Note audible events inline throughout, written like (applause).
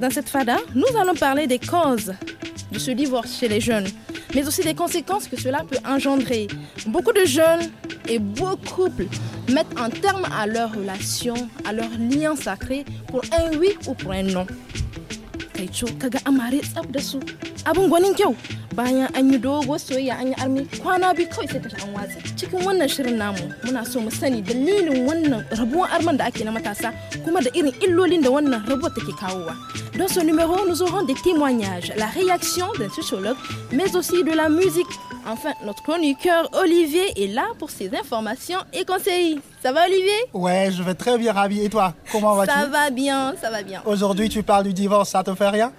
dans cette fada nous allons parler des causes de ce divorce chez les jeunes mais aussi des conséquences que cela peut engendrer beaucoup de jeunes et beaux couples mettent un terme à leur relation à leur lien sacré pour un oui ou pour un non co kaga amare tsab da su abun gwanin kyau bayan an yi dogo soyayya an yi armi kwana biyu kawai sai ta an watsa cikin wannan shirin namu muna so mu sani dalilin wannan rabuwar arman da ake na matasa kuma da irin illolin da wannan rabuwar take kawowa Dans ce numéro, nous aurons des témoignages, la réaction d'un sociologue, mais aussi de la musique Enfin, notre chroniqueur Olivier est là pour ses informations et conseils. Ça va Olivier Ouais, je vais très bien Ravi. Et toi, comment vas-tu Ça va bien, ça va bien. Aujourd'hui, tu parles du divorce, ça te fait rien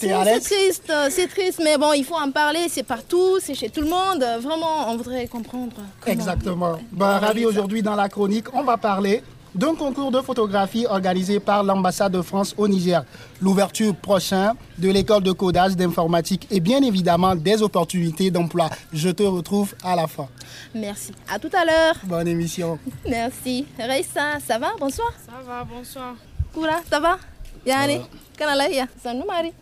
c'est triste, c'est triste, mais bon, il faut en parler, c'est partout, c'est chez tout le monde. Vraiment, on voudrait comprendre. Exactement. Ben, ravi aujourd'hui dans la chronique, on va parler d'un concours de photographie organisé par l'ambassade de France au Niger. L'ouverture prochaine de l'école de codage d'informatique et bien évidemment des opportunités d'emploi. Je te retrouve à la fin. Merci. À tout à l'heure. Bonne émission. (laughs) Merci. Reissa, ça va Bonsoir. Ça va, bonsoir. Koura, ça va Yani, Kanalaya, ça nous marie.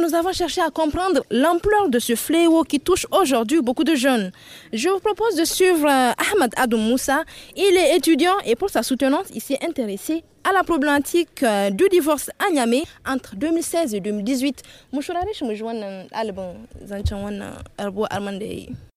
Nous avons cherché à comprendre l'ampleur de ce fléau qui touche aujourd'hui beaucoup de jeunes. Je vous propose de suivre euh, Ahmed Adou Moussa. Il est étudiant et pour sa soutenance, il s'est intéressé à la problématique euh, du divorce à entre 2016 et 2018.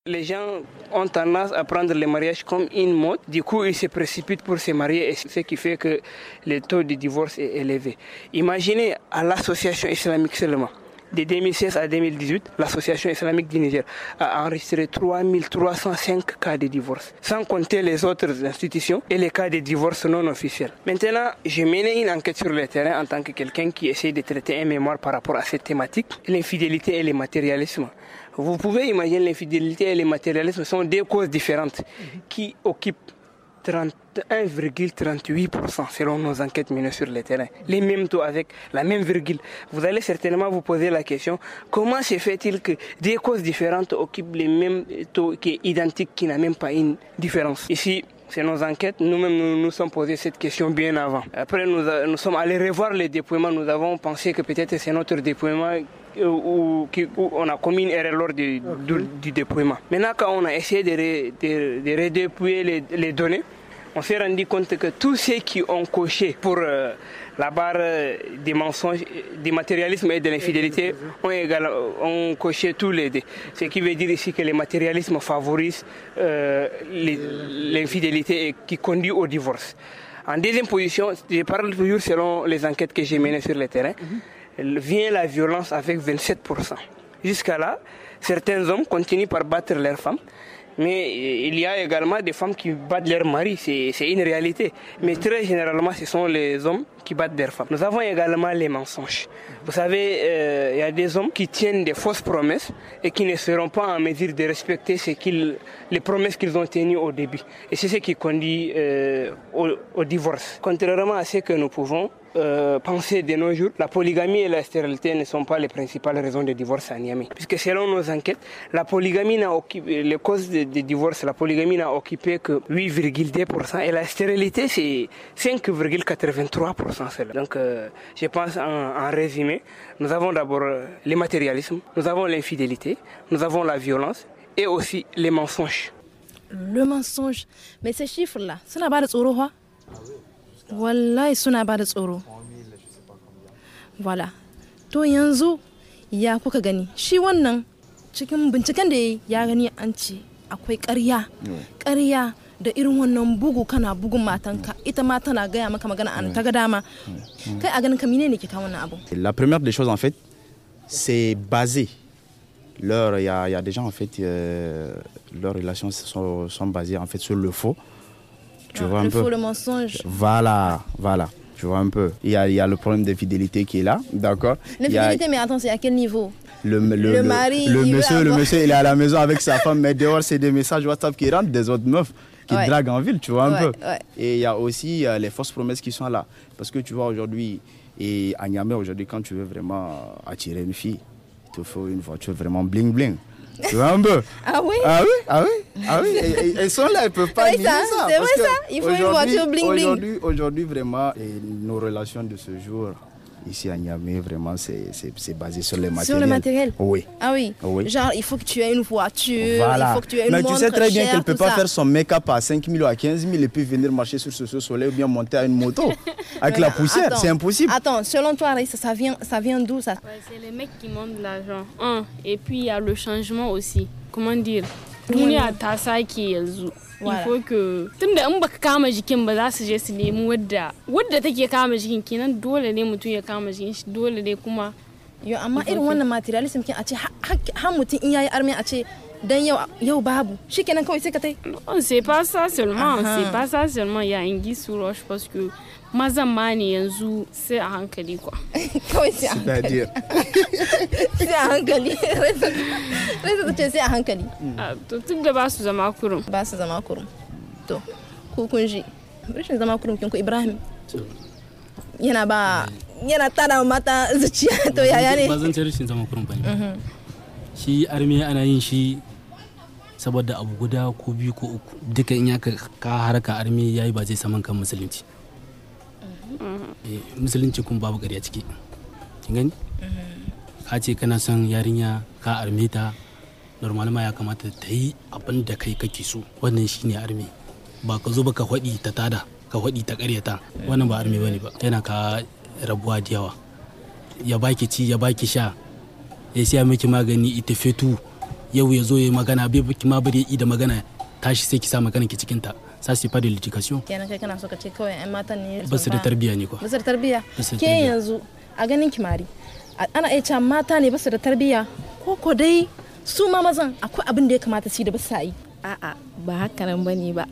Les gens ont tendance à prendre le mariage comme une mode. Du coup, ils se précipitent pour se marier et ce qui fait que le taux de divorce est élevé. Imaginez à l'association islamique seulement. De 2016 à 2018, l'Association islamique du Niger a enregistré 3305 cas de divorce, sans compter les autres institutions et les cas de divorce non officiels. Maintenant, j'ai mené une enquête sur le terrain en tant que quelqu'un qui essaye de traiter un mémoire par rapport à cette thématique, l'infidélité et le matérialisme. Vous pouvez imaginer l'infidélité et le matérialisme sont deux causes différentes qui occupent 31,38% selon nos enquêtes menées sur le terrain. Les mêmes taux avec la même virgule. Vous allez certainement vous poser la question, comment se fait-il que des causes différentes occupent les mêmes taux qui est identique, qui n'a même pas une différence Ici, c'est nos enquêtes. Nous-mêmes, nous nous sommes posé cette question bien avant. Après, nous, sommes allés revoir les déploiements. Nous avons pensé que peut-être c'est notre déploiement euh, où, on a commis une erreur lors du, déploiement. Maintenant, quand on a essayé de, redépouiller redéployer les données, on s'est rendu compte que tous ceux qui ont coché pour euh, la barre euh, des mensonges, du matérialisme et de l'infidélité euh, ont, coché tous les deux. Ce qui veut dire ici que le matérialisme favorise l'infidélité et qui conduit au divorce. En deuxième position, je parle toujours selon les enquêtes que j'ai menées sur le terrain, mhm. vient la violence avec 27%. Jusqu'à là, certains hommes continuent par battre leurs femmes. Mais il y a également des femmes qui battent leur maris, c'est une réalité. Mais très généralement, ce sont les hommes qui battent leurs femmes. Nous avons également les mensonges. Vous savez, euh, il y a des hommes qui tiennent des fausses promesses et qui ne seront pas en mesure de respecter ce les promesses qu'ils ont tenues au début. Et c'est ce qui conduit euh, au divorce. Contrairement à ce que nous pouvons euh, penser pensée de nos jours, la polygamie et la stérilité ne sont pas les principales raisons de divorce à Niamey. Puisque selon nos enquêtes, la polygamie n'a occupé, les causes de, de divorce, la polygamie n'a occupé que 8,2% et la stérilité c'est 5,83%. Donc euh, je pense en, résumé, nous avons d'abord euh, le matérialisme, nous avons l'infidélité, nous avons la violence et aussi les mensonges. Le mensonge, mais ces chiffres-là, ça n'a pas de hein wallahi suna ba da bas tsoro. Voilà. To yanzu ya kuka gani. Shi wannan cikin binciken da ya gani an ce akwai ƙarya. Ƙarya da irin wannan bugu kana bugun matanka ita ma tana gaya maka magana an ta ga dama. Kai a ganin ka mine ne ke kawo wannan abu. La première des choses en fait c'est basé leur il y, a, y a des gens en fait euh, leurs relations sont, sont basées en fait sur le faux. Tu vois ah, un le peu. le mensonge. Voilà, voilà. Tu vois un peu. Il y a, le problème de fidélité qui est là, d'accord L'infidélité, fidélité, mais attends, c'est à quel niveau le, le, mari, le, monsieur, le monsieur, il est à la maison avec sa (laughs) femme, mais dehors, c'est des messages WhatsApp qui rentrent des autres meufs qui draguent en ville, tu vois un peu. Et il y a aussi euh, les fausses promesses qui sont là. Parce que tu vois, aujourd'hui, et à Niamey, aujourd'hui, quand tu veux vraiment attirer une fille, il te faut une voiture vraiment bling-bling un peu. Ah oui Ah oui Ah oui, ah oui. Elles sont là, elles ne peuvent pas ça. c'est vrai ça Il faut une voiture bling bling. Aujourd'hui, vraiment, nos relations de ce jour, Ici à Niamey, vraiment, c'est basé sur les matériels. Sur le matériel Oui. Ah oui. Genre, il faut que tu aies une voiture, il faut que tu aies une Mais tu sais très bien qu'elle ne peut pas faire son make-up à 5 000 ou à 15 000 et puis venir marcher sur ce soleil ou bien monter à une moto (laughs) avec la poussière. C'est impossible. Attends, selon toi, ça, ça vient, ça vient d'où ça C'est les mecs qui montent l'argent. Et puis, il y a le changement aussi. Comment dire duniya ta sake yanzu ifo ke tunda in baka kama jikin ba za su je su nemi wadda wadda take kama jikin kenan dole ne mutum ya kama jikin shi dole ne kuma yo amma irin wannan materialism kin a ce har mutum in yayi armi a ce dan yau yau babu shikenan kawai sai ka tai on sait pas ça seulement sait pas ça seulement il y a une guise roche parce que mazan ma ne yanzu sai a hankali kwa (laughs) kawai (laughs) sai a hankali sai a hankali rai ta sai a hankali to tun da ba su zama kurum ba su zama kurum to ku kun ji rashin zama kurum ku ibrahim yana ba yana tada mata zuciya (laughs) to yaya ne Mazan ce rashin zama kurum bane mhm. shi armiya ana yin shi saboda abu guda ko biyu ko uku duka in ya ka harka armiya yayi ba zai saman kan musulunci Eh, musulunci kuma babu gari a ciki kin gani ka ce kana son yarinya ka arme ta normal ma ya kamata ta yi abin da kai kake so wannan shine arme ba ka zo ba ka hwaɗi ta tada ka hwaɗi ta ƙaryata wannan ba arme ne ba yana ka rabuwa da yawa ya baki ci ya baki sha ya siya miki magani ita fetu yau ya zo ya magana bai ma bari da magana tashi sai ki sa magana ki cikin ta ça c'est pas de l'éducation bah, C'est kai kana so ka ce kawai matan yanzu a ganin kimari ana iya cewa mata ne basu da tarbiya. ko ko dai su ma mazan akwai abin da ya kamata su da basu sai. a'a ba haka nan bane ba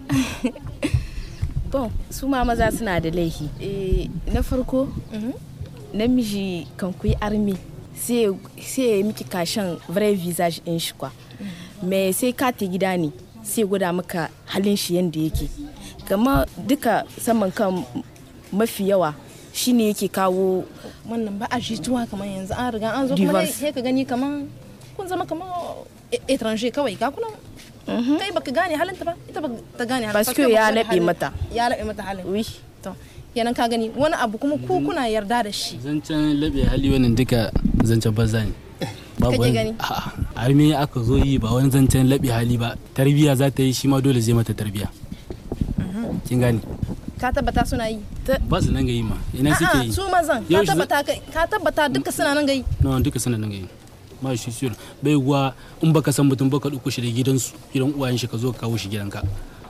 (laughs) bon su ma maza suna da laifi eh, na farko mhm. namiji kan yi army sai sai miki vrai visage ɗin shi kwa mhm. me sai ka sai guda maka halin shi yadda yake gama duka saman kan mafi yawa shi ne yake kawo wannan ba a shi tuwa kamar yanzu an riga an zo kuma sai ka gani kamar kun zama kamar e, etranger kawai ka kuna mhm. kai baka gane halin ta ba ita ba ta gane halin ta ya labe mata ya labe mata halin wi to kenan ka gani wani abu kuma ku mhm. kuna yarda da shi zancen labe hali wannan duka zancen bazani babu wani har me aka zo yi ba wani zancen laɓi hali ba tarbiya za ta yi shi ma dole zai mata tarbiya mhm. kin gani ka tabbata suna yi ba su nan ga yi ma ina suke yi su mazan ka tabbata ka tabbata duka suna nan ga yi no duka suna nan ga yi ma shi shi bai guwa in baka san mutum baka duku shi da gidansu gidan uwayen shi ka zo ka kawo shi gidanka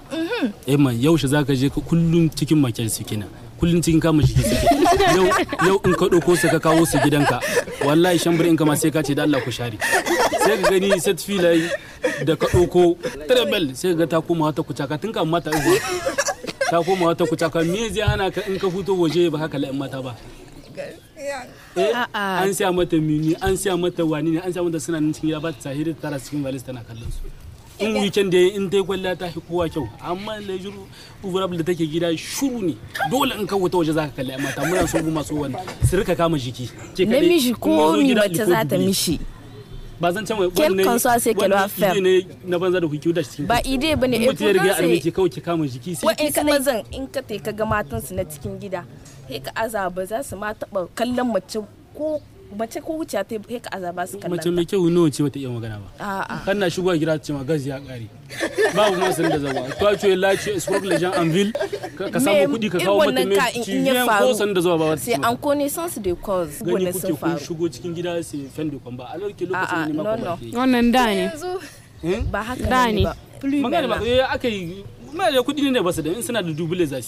mhm. eh man shi zaka je kullum cikin makyar su kenan kullum cikin kama shi suke (laughs) yau in ka dauko su ka kawo su gidanka wallahi shambur in kama sai ka ce da Allah ku share sai ka gani set filai da ka ɗauko treble sai ka ga ta koma wata kucaka tun kan mata uwa ta koma wata kucaka me zai ana ka in ka fito waje ba haka la'in mata ba eh, an siya mata mini an siya mata wani ne an siya mata suna nan cikin ya ba ta sahiri tara cikin valis tana kallon su in weekend da in dai kwalla ta fi kowa kyau amma lejur overall da take gida shuru ne dole in ka wuta waje zaka kalli amma ta muna so masu wani su rika kama jiki ke kadai namiji ko mi wacce za ta mishi ba zan can wani ne ne na banza da hukiyu da shi ba ide ba ne mutum ya riga almiti kawai ki kama jiki sai ki kuma zan in ka tai ka ga matansu na cikin gida sai ka azaba za su ma taba kallon mace ko mace ko wuce ta yi ka azaba su kallon mace mai kyau nawa ce bata iya magana ba a'a kan na shigo gida ta ce ma gazi ya kare mu ma san da zawa to ce lace escort lejan anvil ka samu kudi ka kawo mata mai ne ko san da zawa ba sai an connaissance de cause gani kuke kun shigo cikin gida sai fen de kwamba a lokacin lokacin ne ma kwamba wannan da ne eh? ba haka da ne magana ba eh aka yi mai da kudi ne ba su da in suna da dubule za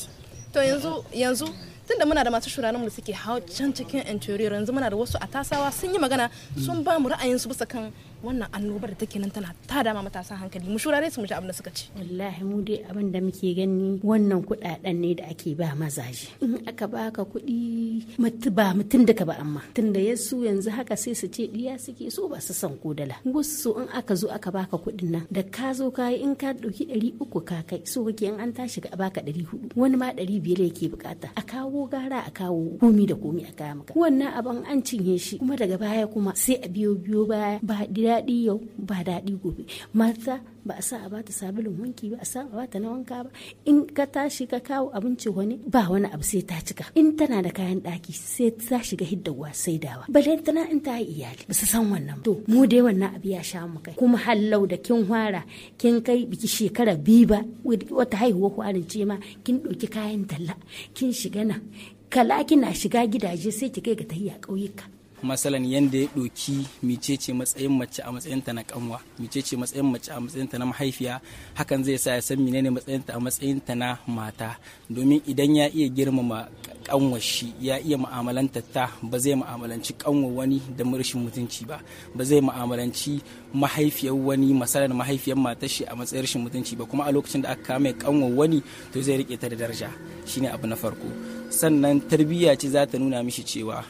to yanzu yanzu tunda muna da masu shuranin da suke hau can cikin interior yanzu muna da wasu a tasawa sun yi magana sun ba mu ra'ayin su bisa kan wannan annobar da take nan tana ta dama matasa hankali mu shurare su mu ji abin da suka ce wallahi mu dai abin da muke gani wannan kudaden ne da ake ba mazaje in aka baka kuɗi mutu ba mutun ka ba amma tunda yasu yanzu haka sai su ce diya suke so ba su san ko dala so in aka zo aka baka kuɗin nan da ka zo ka in ka ɗauki ɗari uku ka kai so kake in an tashi ka baka ɗari hudu wani ma ɗari biyar yake bukata a kawo gara a kawo komi da komi a kaya maka wannan abin an cinye shi kuma daga baya kuma sai a biyo biyo baya ba daɗi yau ba daɗi gobe mata ba a sa a bata sabulun wanki ba a sa a bata na wanka ba in ka tashi ka kawo abinci wani ba wani abu sai ta cika in tana da kayan ɗaki sai ta shiga hidda wa sai dawa bale tana in ta yi iyali ba su san wannan to mu dai wannan abu ya sha mu kai kuma hallau da kin hwara kin kai biki shekara biyu ba wata haihuwa hwarin ce ma kin ɗauki kayan talla kin shiga nan kala kina shiga gidaje sai ki kai ga tahiya ƙauyuka masalan yadda ya ɗoki micece matsayin mace a matsayinta na kanwa micece matsayin mace a matsayinta na mahaifiya hakan zai sa ya san menene matsayinta a matsayinta na mata domin idan ya iya girmama kanwa shi ya iya mu'amalanta ta ba zai mu'amalanci kanwa wani da rashin mutunci ba ba zai mu'amalanci mahaifiyar wani masalan mahaifiyar matar shi a matsayin rashin mutunci ba kuma a lokacin da aka kame kanwar wani to zai rike ta da daraja shine abu na farko sannan tarbiyya ce za ta nuna mishi cewa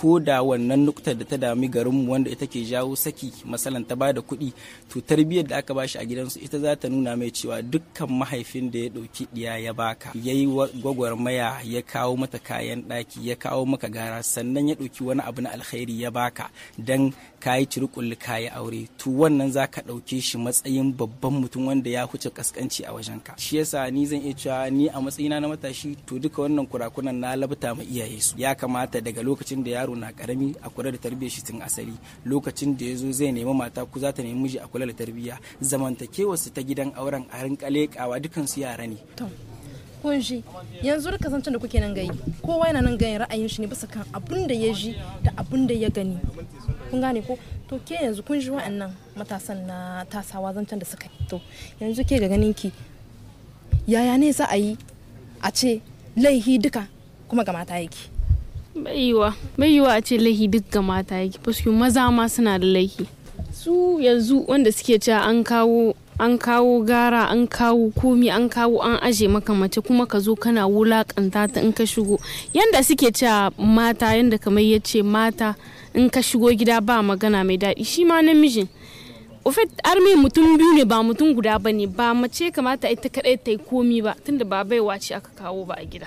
ko da wannan nukta da ta dami garin mu wanda ita ke jawo saki masalan ta bada kuɗi to tarbiyyar da aka bashi a gidansu ita za ta nuna mai cewa dukkan mahaifin da ya ɗauki ɗiya ya baka ya yi gwagwarmaya ya kawo mata kayan ɗaki ya kawo maka gara sannan ya ɗauki wani abu na alkhairi ya baka dan ka yi cirkulli ka yi aure to wannan za ka ɗauke shi matsayin babban mutum wanda ya huce kaskanci a wajen ka shi yasa ni zan iya cewa ni a matsayina na matashi to duka wannan kurakunan na labta ma iyaye su ya kamata daga lokacin da yaro na karami a kula da tarbiyyar shi tun asali lokacin da ya zo zai nemi mata ku za ta nemi miji a kula da tarbiyya zamantakewarsu ta gidan auren a rinka lekawa dukansu yara ne kun ji yanzu duka zancen da kuke nan gayi kowa yana nan gayin ra'ayin shi ne bisa kan abun da ya ji da abun da ya gani kun gane ko to ke yanzu kun ji wa'annan matasan na tasawa zancen da suka to yanzu ke ga ganin ki yaya ne za a yi a ce laihi duka kuma ga mata yake baiwa baiwa a ce laihi duk ga mata yake paske maza ma suna da laihi su yanzu wanda suke cewa an kawo an kawo gara an kawo komi an kawo an aje maka mace kuma ka zo kana wulakanta ta in ka shigo yanda suke ce mata yanda kamar ya ce mata in ka shigo gida ba magana mai daɗi shi ma namijin ofet arme mutum biyu ne ba mutum guda ba ne ba mace kamata ita kaɗai ta yi komi ba tunda ba baiwa ce aka kawo ba a gida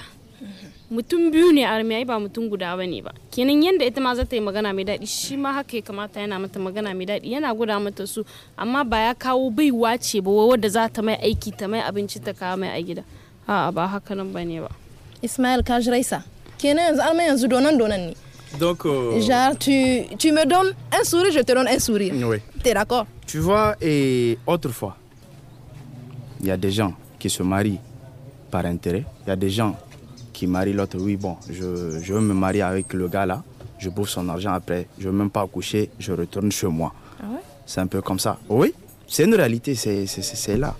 mutum biyu ne armiya ba mutum guda ba ne ba kenan yadda ita ma za ta yi magana mai daɗi shi ma haka ya kamata yana mata magana mai daɗi yana guda mata su amma ba ya kawo baiwa ce ba wadda za ta mai aiki ta mai abinci ta kawo mai a gida a'a ba haka nan ba ne ba ismail kajiraisa kenan yanzu armiya yanzu donan donan ne Donc, euh, Genre, tu, tu, me donnes un sourire, je te donne un sourire. Oui. T'es d'accord Tu vois, et autrefois, il y a des gens qui se marient par intérêt, il y a des gens qui marie l'autre. Oui, bon, je, je veux me marier avec le gars là, je bouffe son argent après, je veux même pas coucher, je retourne chez moi. Ah ouais c'est un peu comme ça. Oui, c'est une réalité, c'est là,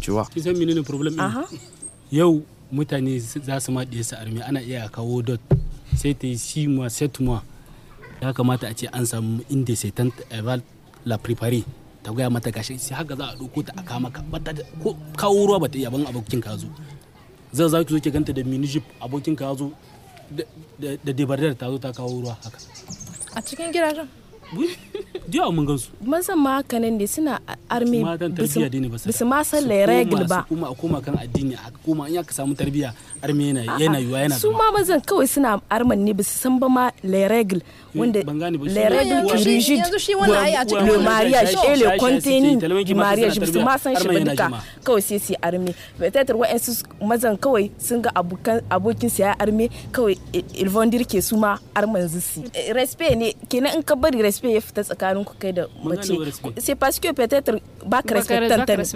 tu vois. Tu sais, le problème ah ah. Yo, mutane za su maɗe su armi ana iya kawo dot sai mois 7 mois ya kamata a ce an samu inda sai tan la prepare ta gaya mata gashi si haka za a ɗauko ta a kama ko kawo ba ta iya ban abokin ka zai za ki zo ki ganta da minijip abokin ka zo da debardar ta zo ta kawo ruwa haka a cikin gidajen (laughs) jiya mun gansu san ma haka nan ne suna arme bisu ma san regil ba kuma a koma kan addini a koma in ya ka samu tarbiya arme yana yana yuwa yana su ma mazan kawai suna arman ne bisu san ba ma regil eh, wanda le regil ki rigid le mariya shi ele contenu mariya shi bisu ma san shi ba duka kawai sai su arme peut-être wa'ansu mazan kawai sun ga abokin su ya arme kawai ilvon eh, dirke su ma arman zusi eh, respect ne kenan in ka bari respect ya fita tsakanin c'est parce que peut-être c'est respectant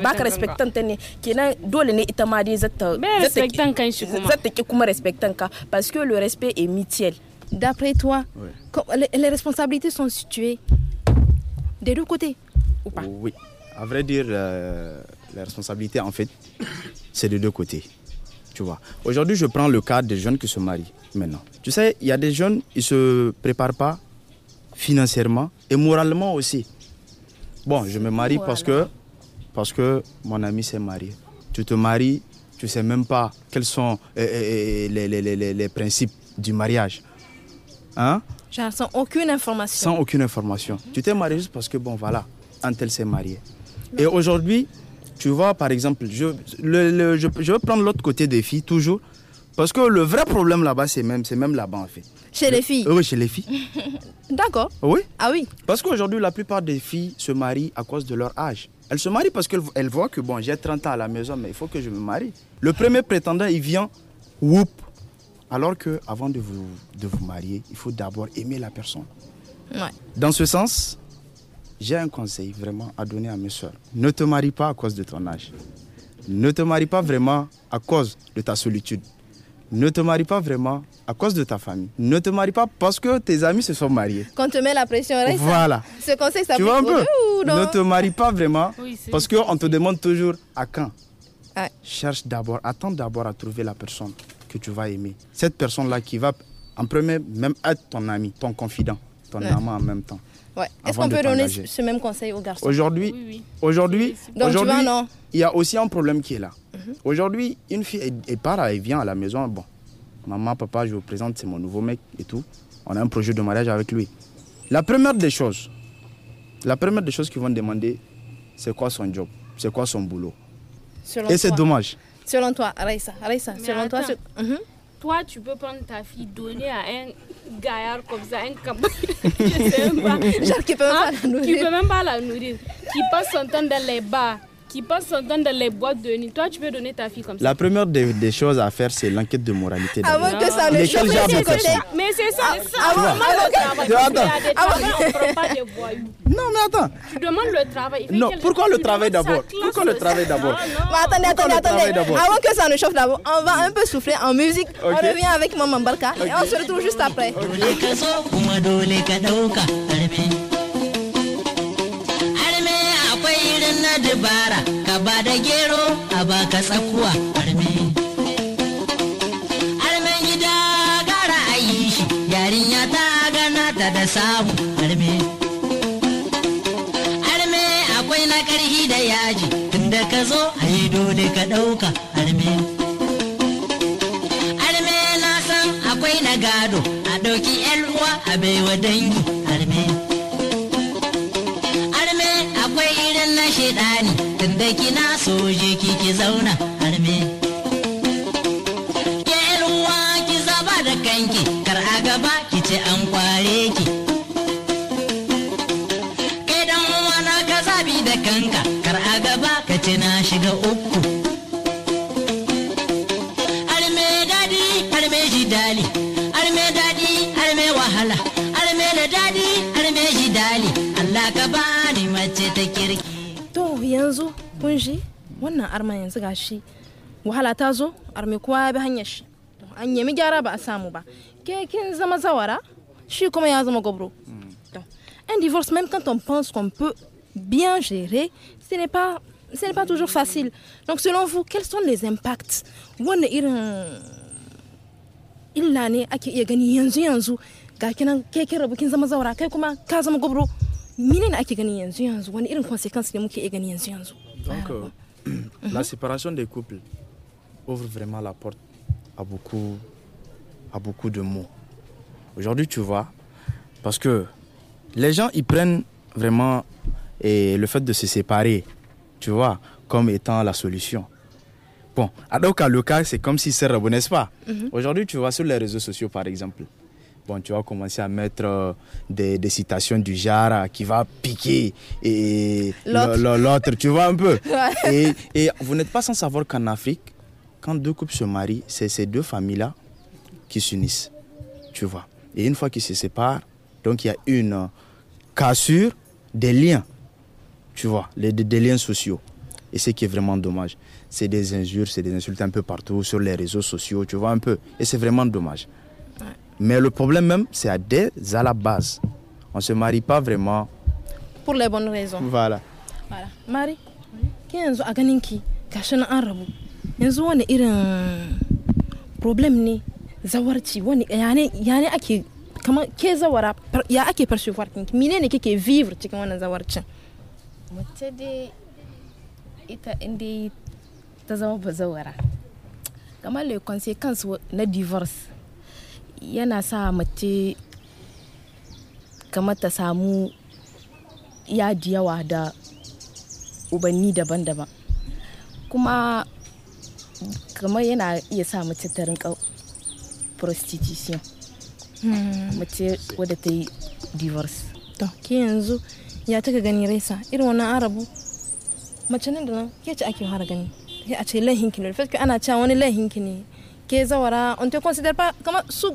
parce que le respect est mutuel d'après toi les responsabilités sont situées des deux côtés ou pas oui à vrai dire euh, les responsabilités, en fait c'est des deux côtés tu vois aujourd'hui je prends le cas des jeunes qui se marient maintenant tu sais il y a des jeunes ils se préparent pas financièrement et moralement aussi. Bon, je me marie parce que, parce que mon ami s'est marié. Tu te maries, tu ne sais même pas quels sont eh, eh, eh, les, les, les, les principes du mariage. Hein? sans aucune information. Sans aucune information. Mhm. Tu t'es marié juste parce que, bon, voilà, tel s'est marié. Et aujourd'hui, tu vois, par exemple, je, le, je, je vais prendre l'autre côté des filles, toujours. Parce que le vrai problème là-bas, c'est même, même là-bas en fait. Chez les filles euh, Oui, chez les filles. (laughs) D'accord. Oui. Ah oui. Parce qu'aujourd'hui, la plupart des filles se marient à cause de leur âge. Elles se marient parce qu'elles voient que bon, j'ai 30 ans à la maison, mais il faut que je me marie. Le premier prétendant, il vient, whoop. Alors que avant de vous, de vous marier, il faut d'abord aimer la personne. Ouais. Dans ce sens, j'ai un conseil vraiment à donner à mes soeurs. Ne te marie pas à cause de ton âge. Ne te marie pas vraiment à cause de ta solitude ne te marie pas vraiment à cause de ta famille. Ne te marie pas parce que tes amis se sont mariés. Quand te met la pression, reste. Voilà. Ce conseil, ça tu ne te marie pas vraiment oui, parce qu'on te demande toujours à quand. Cherche d'abord, attends d'abord à trouver la personne que tu vas aimer. Cette personne-là qui va en premier même être ton ami, ton confident, ton amant en même temps. Est-ce qu'on peut donner ce même conseil aux garçons Aujourd'hui, oui, oui. aujourd'hui, il y a aussi un problème qui est là. Mhm. Aujourd'hui, une fille, est par part, elle vient à la maison, bon, maman, papa, je vous présente, c'est mon nouveau mec et tout. On a un projet de mariage avec lui. La première des choses, la première des choses qu'ils vont demander, c'est quoi son job, c'est quoi son boulot. et c'est dommage. Selon toi, Raissa, selon toi, mhm. toi, tu peux prendre ta fille, donner à un gaillard comme ça, un cambouis, (laughs) je sais pas. Genre qui peut même ah, pas la nourrir. Qui peut même pas la nourrir. Qui passe son temps dans les bars qui passent dans les boîtes de nuit. Toi, tu veux donner ta fille comme ça. La première des, choses à faire, c'est l'enquête de moralité. Avant que ça ne d'abord. Mais c'est ça. Avant ah, que ça ah, ne ah, prend pas Non, mais attends. Tu demandes le travail. Non, pourquoi le travail d'abord Pourquoi le travail d'abord Attendez, attendez, attendez. Avant que ça ne chauffe d'abord, on va un peu souffler en musique. On revient avec Maman Balka et on se retrouve juste après. dubara ka ba da gero a baka tsakuwa arme armen gida gara a yi shi yarinya ta gana ta da samu arme arme akwai na karhi da yaji tunda ka zo a yi dole ka ɗauka arme arme na san akwai na gado a ɗauki uwa a baiwa dangi so je ki ki zauna harme ke ruwa ki zaba da kanki kar a gaba ki ce an kware ki kai dan wana ka zabi da kanka kar a gaba ka ce na shiga uku arme dadi me ji dali arme dadi me wahala me da dadi me ji dali Allah ka bani mace ta kirki to yanzu kun shi wannan arma yanzu gashi wahala ta zo arme kowa ya bi hanyar shi an nemi gyara ba a samu ba ke kin zama zawara shi kuma ya zama gobro un divorce même quand on pense qu'on peut bien gérer ce n'est pas ce n'est pas toujours facile donc selon vous quels sont les impacts wannan irin illa ne ake iya gani yanzu yanzu ga kinan ke kin rabu kin zama zawara kai kuma ka zama gobro menene ake gani yanzu yanzu wani irin consequence ne muke iya gani yanzu yanzu donc (clears throat) la séparation des couples ouvre vraiment la porte à beaucoup, à beaucoup de mots. Aujourd'hui, tu vois, parce que les gens, ils prennent vraiment et le fait de se séparer, tu vois, comme étant la solution. Bon, alors qu'à le cas, c'est comme si ça ne pas. Mhm. Aujourd'hui, tu vois, sur les réseaux sociaux, par exemple, bon, tu vas commencer à mettre euh, des, citations du genre qui va piquer et l'autre, tu vois un peu. (laughs) Et, vous n'êtes pas sans savoir qu'en Afrique, quand deux couples se marient, c'est ces deux familles-là qui s'unissent, tu vois. Et une fois qu'ils se séparent, donc il y a une euh, cassure des liens, tu vois, des liens sociaux. Et ce qui est vraiment dommage, c'est des injures, c'est des insultes un peu partout sur les réseaux sociaux, tu vois un peu. Et c'est vraiment dommage. Mais le problème même, c'est à à la base. On ne se marie pas vraiment. Pour les bonnes raisons. Voilà. Voilà. Marie, qu'est-ce que tu as fait yanzu wani irin un ne zawarci wani un un ake kamar ke zawara ya ake farshe mine ne kike vivre cikin wannan zawarcin mace ita inda ta zama kamar le na divorce yana sa mace kamar ta samu yadi yawa da ubanni daban-daban kuma kamar yana iya sa mace ta rinka prostitution hmm. mace wadda ta yi divorce to ke yanzu ya taka gani raisa irin wannan arabu mace nan da nan ke ce ake fara gani ke a ce lahinki ne ana cewa wani lahinki ne ke zawara on te consider pa kamar su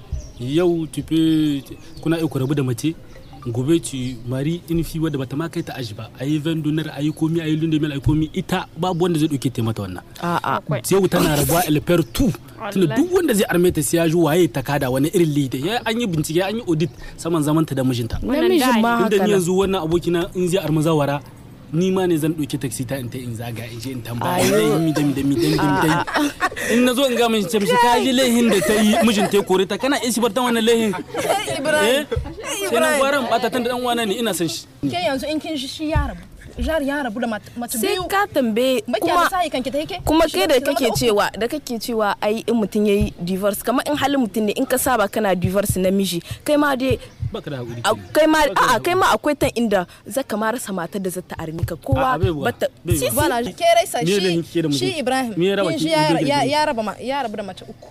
yau tupe kuna iya rabu da mace gobe ci mari in fi wadda bata ma kai ta aji ba a yi vendunar a yi komi a yi lunde mil a yi komi ita babu wanda zai ɗauke ta mata wannan yau tana rabuwa elfer 2 tunda duk wanda zai arme ta siya waye ta kada wani irin lida ya an yi bincike an yi audit saman zamanta da mijinta namijin da yanzu wannan abokina in zai armi zawara ni ma ne zan ɗauki taxi ta in ta in zaga in je in tambaya in mi da mi da mi da mi da ah, ah, ah. in na zo in ga mun ce mishi ka ji laihin da ta yi mijin ta kore ta kana in shibar ta wannan laihin eh sai nan gwaran bata tan da dan wani ne ina san shi ke yanzu in kin shi yaron jar ya rabu da mace biyu sai ka tambaye kuma kuma kai da kake cewa da kake cewa ai in mutum yayi divorce kamar in halin mutum ne in ka saba kana divorce namiji kai ma dai baka da hakuri kai ma kai ma akwai tan inda zaka ma rasa matar da za ta armi ka kowa bata si ke raisa shi shi Ibrahim ya raba ya raba da mace uku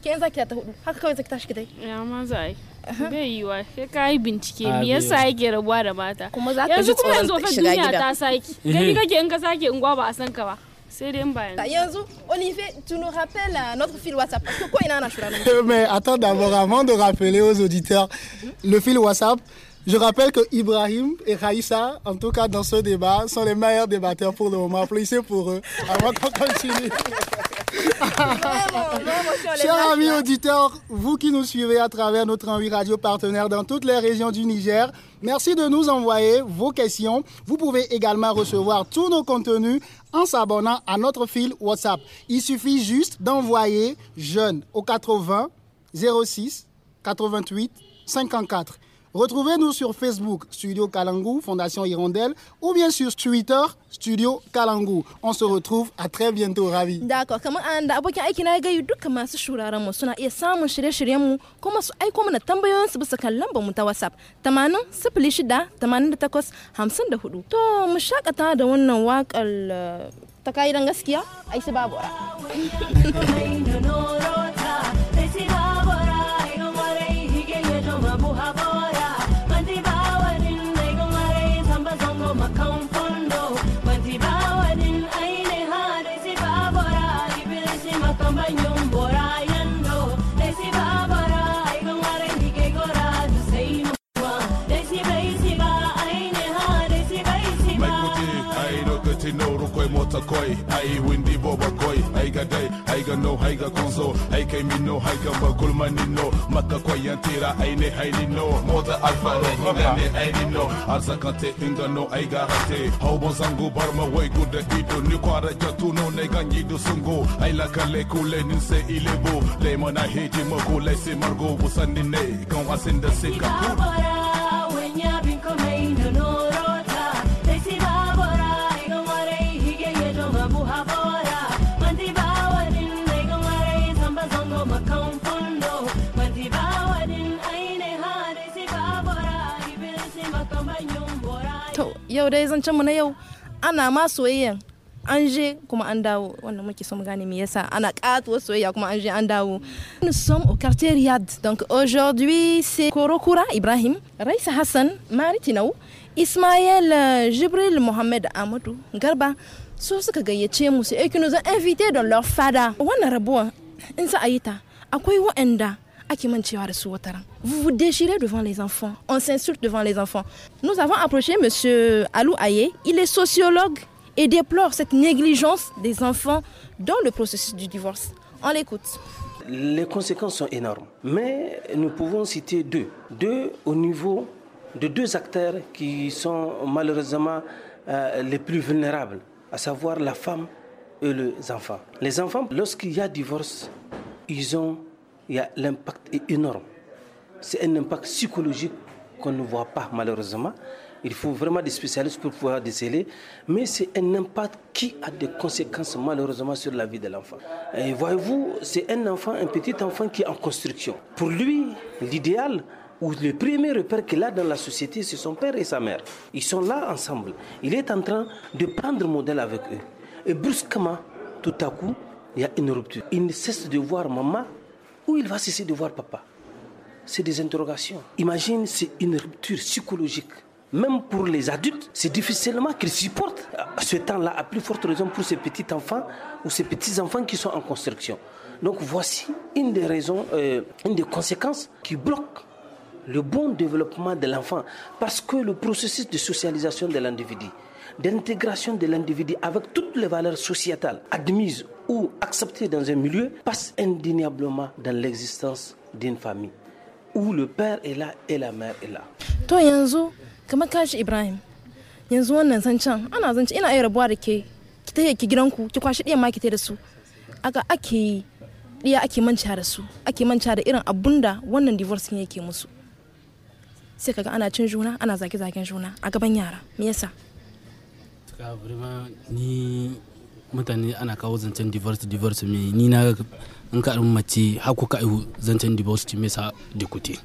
ke yanzu zaki ta hudu haka kawai zaki tashi ki dai ya ma za yi bai yiwa sai ka yi bincike me yasa yake rabuwa da mata kuma za ka ji tsoron shiga gida yanzu kuma yanzu fa duniya ta saki (laughs) gani kake in ka sake unguwa ba a san ka ba Bah, Yanzo, Olivier, tu nous rappelles euh, notre fil WhatsApp. Pourquoi il a un (laughs) Mais attends d'abord, avant de rappeler aux auditeurs mhm. le fil WhatsApp, je rappelle que Ibrahim et Raïssa, en tout cas dans ce débat, sont les meilleurs débatteurs pour le moment. Applaudissez pour eux avant qu'on continue. (laughs) Chers amis auditeurs, vous qui nous suivez à travers notre envie radio partenaire dans toutes les régions du Niger, merci de nous envoyer vos questions. Vous pouvez également recevoir tous nos contenus en s'abonnant à notre fil WhatsApp. Il suffit juste d'envoyer jeune au 80 06 88 54. Retrouvez-nous sur Facebook, Studio Kalangou, Fondation Hirondelle, ou bien sur Twitter, Studio Kalangou. On se retrouve à très bientôt, ravi. D'accord. Kamar an da abokin aiki na ga yi dukkan masu shuraren mu suna iya samun shirye-shiryen mu kuma su aiko mana tambayoyin su bisa kan lambar mu ta WhatsApp 80 06 88 54. To mu shakata da wannan waka eh, ta ka'idan gaskiya ai su (laughs) da gonzo ai mino hai ga bagul manino maka koyan tira ai ne hai ni no mo hate hau bon barma wai gu da ido ni kwara jatu do sungo ai la kale se ilebo le mana heji mago le se margo busani ne kan sika yau dai zancen mu na yau ana ma soyayyan an je kuma an dawo wannan muke so gane me yasa ana katuwar soyayya kuma an je an dawo nous sommes au quartier Riyad donc aujourd'hui c'est Korokura Ibrahim Raisa Hassan Mari Tinau Ismaël euh, Jibril Mohamed Amadou Garba su suka gayyace mu su ki nous zan invité dans leur fada wannan rabuwa in sa ayita akwai waɗanda vous vous déchirez devant les enfants, on s'insulte devant les enfants. Nous avons approché M. Alou Aye, il est sociologue et déplore cette négligence des enfants dans le processus du divorce. On l'écoute. Les conséquences sont énormes, mais nous pouvons citer deux. Deux au niveau de deux acteurs qui sont malheureusement euh, les plus vulnérables, à savoir la femme et les enfants. Les enfants, lorsqu'il y a divorce, ils ont l'impact est énorme. C'est un impact psychologique qu'on ne voit pas malheureusement. Il faut vraiment des spécialistes pour pouvoir déceler, mais c'est un impact qui a des conséquences malheureusement sur la vie de l'enfant. Et voyez-vous, c'est un enfant, un petit enfant qui est en construction. Pour lui, l'idéal, ou le premier repère qu'il a dans la société, c'est son père et sa mère. Ils sont là ensemble. Il est en train de prendre modèle avec eux. Et brusquement, tout à coup, il y a une rupture. Il ne cesse de voir maman où il va cesser de voir papa C'est des interrogations. Imagine, c'est une rupture psychologique. Même pour les adultes, c'est difficilement qu'ils supportent euh, ce temps-là, à plus forte raison pour ces petits-enfants ou ces petits-enfants qui sont en construction. Donc voici une des raisons, euh, une des conséquences qui bloque le bon développement de l'enfant. Parce que le processus de socialisation de l'individu, d'intégration de l'individu avec toutes les valeurs sociétales admises ou accepter dans un milieu passe indéniablement dans l'existence d'une famille où le père est là et la mère est là. Toi yanzu kamar kashi Ibrahim yanzu wannan a ana zance ina iya rabuwa da ke ki taye ki gidanku ki kwashi ɗiyan ma ki da su aka ake yi ɗiya ake manta mancha su ake mancha da irin abunda, wannan divorce yake musu sai kaga ana cin juna ana zaki zagen juna a gaban yara miessa. yasa ni mutane ana kawo zancen divorce divorce mai ni na in ka mace haku ka ihu zancen divorce ci mesa de côté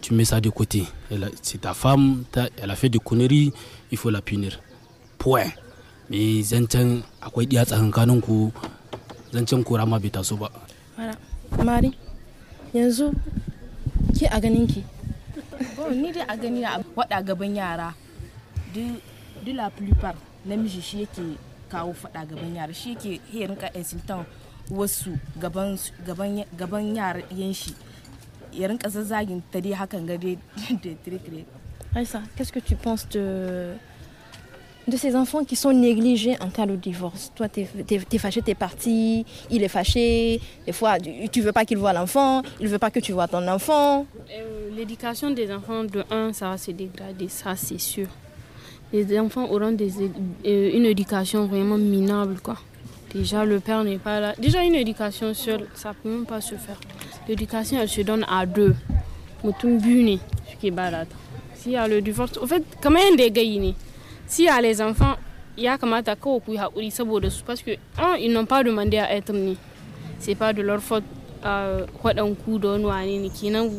ci mesa ça de côté c'est ta fam ta a fait kuniri ifo la punir point mais zancen akwai diya tsakankanin ku zancen kora ma bai taso ba mari yanzu ki a ganin ki ni dai a gani na wada gaban yara duk la plupart namiji shi yake qu'est-ce que tu penses de, de ces enfants qui sont négligés en cas de divorce Toi, tu es, fâché fâché, es parti, il est fâché, des fois, tu veux pas qu'il voit l'enfant, il veut pas que tu vois ton enfant. Euh, l'éducation des enfants, de un, ça va se dégrader, ça c'est sûr les enfants auront euh, une éducation vraiment minable. Quoi. Déjà, le père n'est pas là. Déjà, une éducation seule, ça ne peut même pas se faire. L'éducation, elle se donne à deux. S'il y a le divorce, en fait, quand même des si S'il y a les enfants, il y a parce que, un, ils n'ont pas demandé à être nés. Ce n'est pas de leur faute. Vous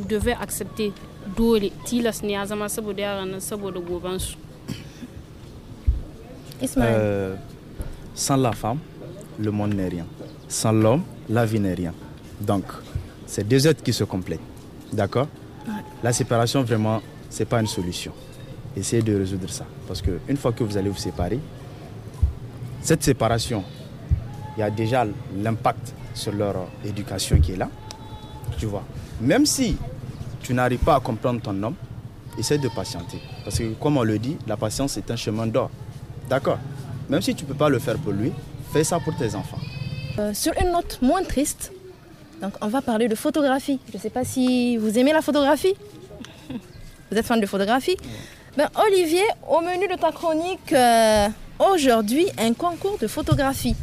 devez accepter. les tilas ne ya zama saboda yaran de saboda euh, sans la femme, le monde n'est rien. Sans l'homme, la vie n'est rien. Donc, c'est deux êtres qui se complètent. D'accord La séparation, vraiment, ce n'est pas une solution. Essayez de résoudre ça. Parce qu'une fois que vous allez vous séparer, cette séparation, il y a déjà l'impact sur leur éducation qui est là. Tu vois Même si tu n'arrives pas à comprendre ton homme, essaie de patienter. Parce que, comme on le dit, la patience est un chemin d'or. D'accord. Même si tu ne peux pas le faire pour lui, fais ça pour tes enfants. Euh, sur une note moins triste, donc on va parler de photographie. Je ne sais pas si vous aimez la photographie. Vous êtes fan de photographie ben, Olivier, au menu de ta chronique, euh, aujourd'hui, un concours de photographie.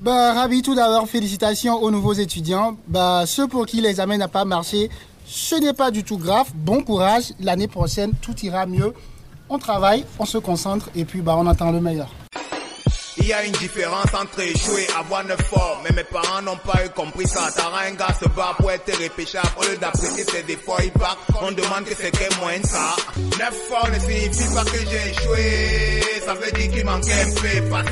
Ben, ravi, tout d'abord, félicitations aux nouveaux étudiants. Ben, ceux pour qui les n'a pas marché, ce n'est pas du tout grave. Bon courage, l'année prochaine, tout ira mieux on travaille, on se concentre et puis bah, on attend le meilleur. Il y a une différence entre échouer et avoir neuf forts, mais mes parents n'ont pas eu compris ça. T'as un gars se bat pour être répéchable. au lieu d'apprécier ses défauts, il part. On demande que c'est quel moins ça. Neuf forts ne signifie pas que j'ai échoué, ça veut dire qu'il manquait un peu, pas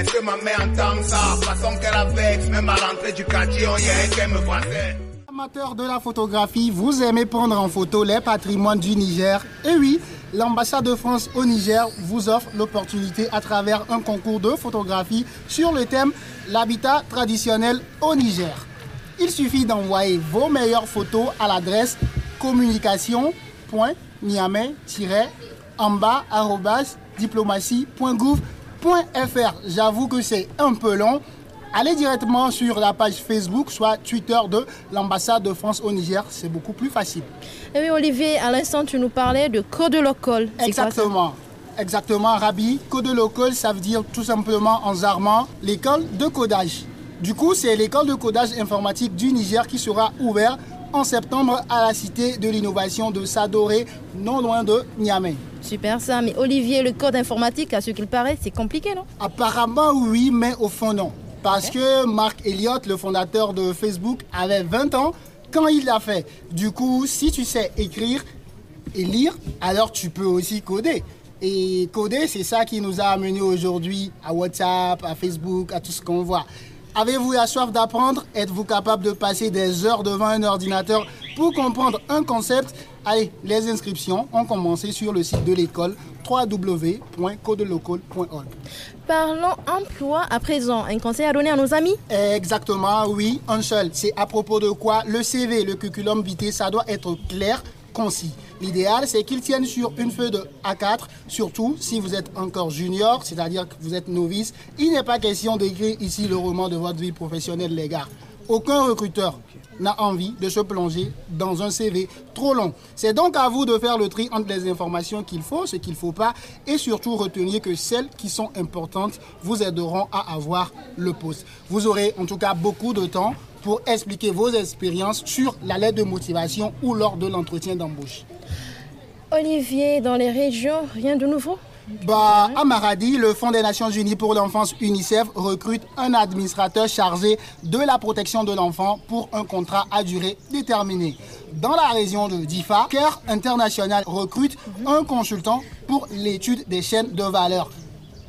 Est-ce que ma mère entend ça? Façon qu'elle avec, même à l'entrée du quartier, on y est qu'elle me voisait amateur de la photographie, vous aimez prendre en photo les patrimoines du Niger. Et oui, l'ambassade de France au Niger vous offre l'opportunité à travers un concours de photographie sur le thème l'habitat traditionnel au Niger. Il suffit d'envoyer vos meilleures photos à l'adresse communication.niamey-amba-diplomatie.gouv.fr. J'avoue que c'est un peu long, allez directement sur la page Facebook, soit Twitter de l'ambassade de France au Niger. C'est beaucoup plus facile. Eh oui, Olivier, à l'instant, tu nous parlais de code local. Exactement. Exactement, Rabi. Code local, ça veut dire tout simplement en zarmant l'école de codage. Du coup, c'est l'école de codage informatique du Niger qui sera ouverte en septembre à la Cité de l'innovation de Sadoré, non loin de Niamey. Super ça, mais Olivier, le code informatique, à ce qu'il paraît, c'est compliqué, non Apparemment oui, mais au fond non. Parce que Mark Elliott, le fondateur de Facebook, avait 20 ans quand il l'a fait. Du coup, si tu sais écrire et lire, alors tu peux aussi coder. Et coder, c'est ça qui nous a amenés aujourd'hui à WhatsApp, à Facebook, à tout ce qu'on voit. Avez-vous la soif d'apprendre Êtes-vous capable de passer des heures devant un ordinateur pour comprendre un concept Allez, les inscriptions ont commencé sur le site de l'école www.codelocal.org. Parlons emploi à présent. Un conseil à donner à nos amis Exactement, oui, un seul. C'est à propos de quoi le CV, le curriculum vitae, ça doit être clair, concis. L'idéal, c'est qu'ils tiennent sur une feuille de A4, surtout si vous êtes encore junior, c'est-à-dire que vous êtes novice. Il n'est pas question d'écrire ici le roman de votre vie professionnelle, les gars. Aucun recruteur, n'a envie de se plonger dans un CV trop long. C'est donc à vous de faire le tri entre les informations qu'il faut, ce qu'il ne faut pas, et surtout retenir que celles qui sont importantes vous aideront à avoir le poste. Vous aurez en tout cas beaucoup de temps pour expliquer vos expériences sur la lettre de motivation ou lors de l'entretien d'embauche. Olivier, dans les régions, rien de nouveau bah, à Maradi, le Fonds des Nations Unies pour l'enfance UNICEF recrute un administrateur chargé de la protection de l'enfant pour un contrat à durée déterminée. Dans la région de Difa, Care International recrute un consultant pour l'étude des chaînes de valeur.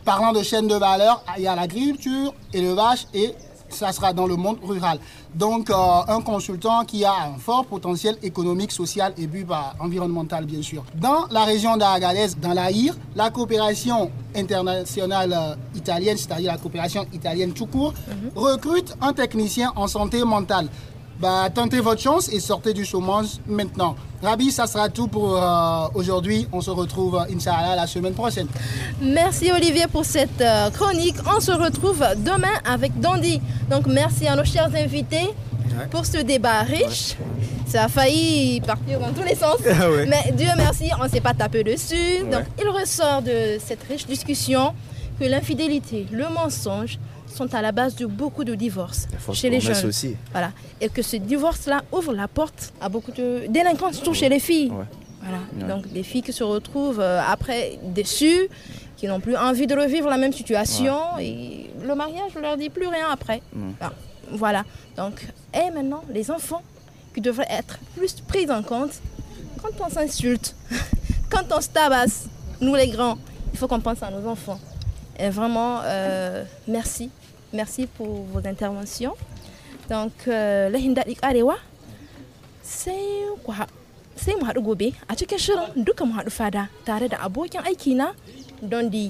Parlant de chaînes de valeur, il y a l'agriculture, l'élevage et ça sera dans le monde rural. Donc, euh, un consultant qui a un fort potentiel économique, social et bah, environnemental, bien sûr. Dans la région d'Aragalès, dans l'Aïr, la coopération internationale euh, italienne, c'est-à-dire la coopération italienne tout court, mhm. recrute un technicien en santé mentale. Bah, tentez votre chance et sortez du chômage maintenant. Rabi, ça sera tout pour euh, aujourd'hui. On se retrouve, inshallah la semaine prochaine. Merci Olivier pour cette euh, chronique. On se retrouve demain avec Dandy. Donc merci à nos chers invités pour ce débat riche. Ça a failli partir dans tous les sens. (laughs) Ah Mais Dieu merci, on ne s'est pas tapé dessus. Donc il ressort de cette riche discussion que l'infidélité, le mensonge, sont à la base de beaucoup de divorces chez les jeunes. Voilà. Et que ce divorce-là ouvre la porte à beaucoup de délinquance, surtout chez les filles. Donc des filles qui se retrouvent euh, après déçues, qui n'ont plus envie de revivre la même situation et le mariage ne leur dit plus rien après. voilà. Donc, et maintenant, les enfants qui devraient être plus pris en compte quand on s'insulte, (laughs) quand on se tabasse, nous les grands, il faut qu'on pense à nos enfants. Et vraiment, euh, merci. Merci pour vos interventions. Donc, euh, lahinda dik arewa sai ku sai mu haɗu gobe a cikin shirin duka mu haɗu fada tare da abokin aikina Dondi.